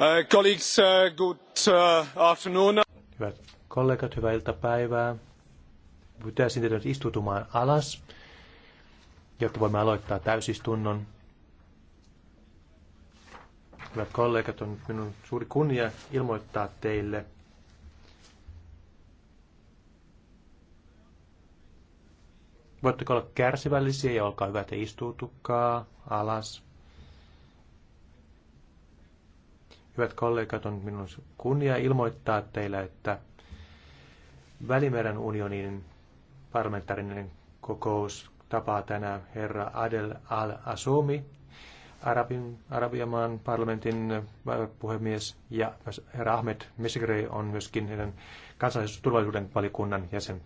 Uh, uh, uh, Hyvät kollegat, hyvää iltapäivää. Pyytäisin teidät istutumaan alas, jotta voimme aloittaa täysistunnon. Hyvät kollegat, on minun suuri kunnia ilmoittaa teille, Voitteko olla kärsivällisiä ja olkaa hyvä, että istuutukaa alas. Hyvät kollegat, on minun kunnia ilmoittaa teille, että Välimeren unionin parlamentaarinen kokous tapaa tänään herra Adel al-Asumi, Arabin, Arabiamaan parlamentin puhemies, ja myös herra Ahmed Mesigre on myöskin heidän kansallisen turvallisuuden valikunnan jäsen.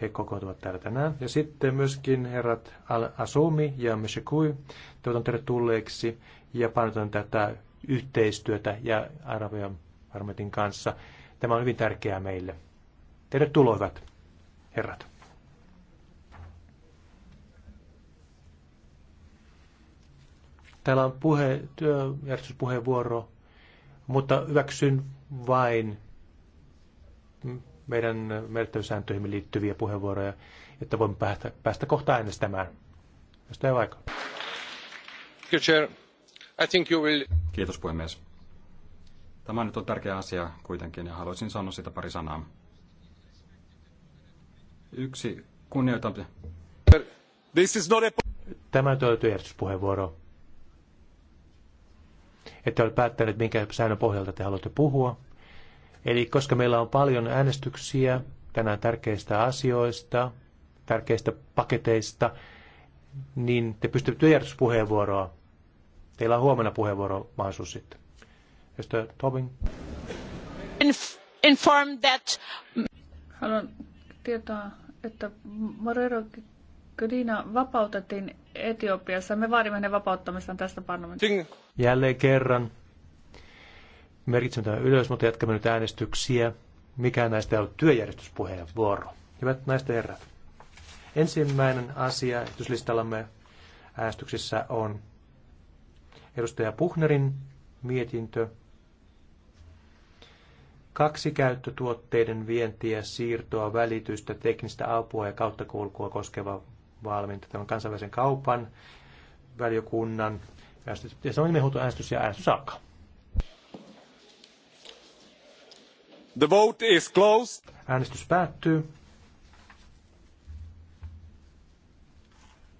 He kokoontuvat täällä tänään. Ja sitten myöskin herrat Al-Asumi ja Meshekui, teidät on tervetulleeksi ja painotan tätä yhteistyötä ja Arabian parlamentin kanssa. Tämä on hyvin tärkeää meille. Tervetuloa, hyvät herrat. Täällä on puhe, työjärjestyspuheenvuoro, mutta hyväksyn vain meidän menettelysääntöihin liittyviä puheenvuoroja, että voimme päästä, päästä kohta äänestämään. Jos tämä vaikka. I think you will... Kiitos puhemies. Tämä nyt on tärkeä asia kuitenkin ja haluaisin sanoa sitä pari sanaa. Yksi kunnioitamme. This is not a... Tämä työjärjestyspuheenvuoro. Ette ole päättäneet, minkä säännön pohjalta te haluatte puhua. Eli koska meillä on paljon äänestyksiä tänään tärkeistä asioista, tärkeistä paketeista, niin te pystytte työjärjestyspuheenvuoroa Teillä on huomenna puheenvuoro mahdollisuus sitten. Mr. Tobin. Inform that... Haluan tietää, että Morero Kodina vapautettiin Etiopiassa. Me vaadimme hänen vapauttamistaan tästä parlamentista. Jälleen kerran. Merkitsemme tämän ylös, mutta jatkamme nyt äänestyksiä. Mikä näistä on työjärjestyspuheenvuoro? Hyvät naiset ja herrat. Ensimmäinen asia esityslistallamme äänestyksissä on edustaja Puhnerin mietintö. Kaksi käyttötuotteiden vientiä, siirtoa, välitystä, teknistä apua ja kauttakulkua koskeva valminta. Tämä on kansainvälisen kaupan, väliokunnan Ja se on äänestys ja äänestys alkaa. The vote is closed. Äänestys päättyy.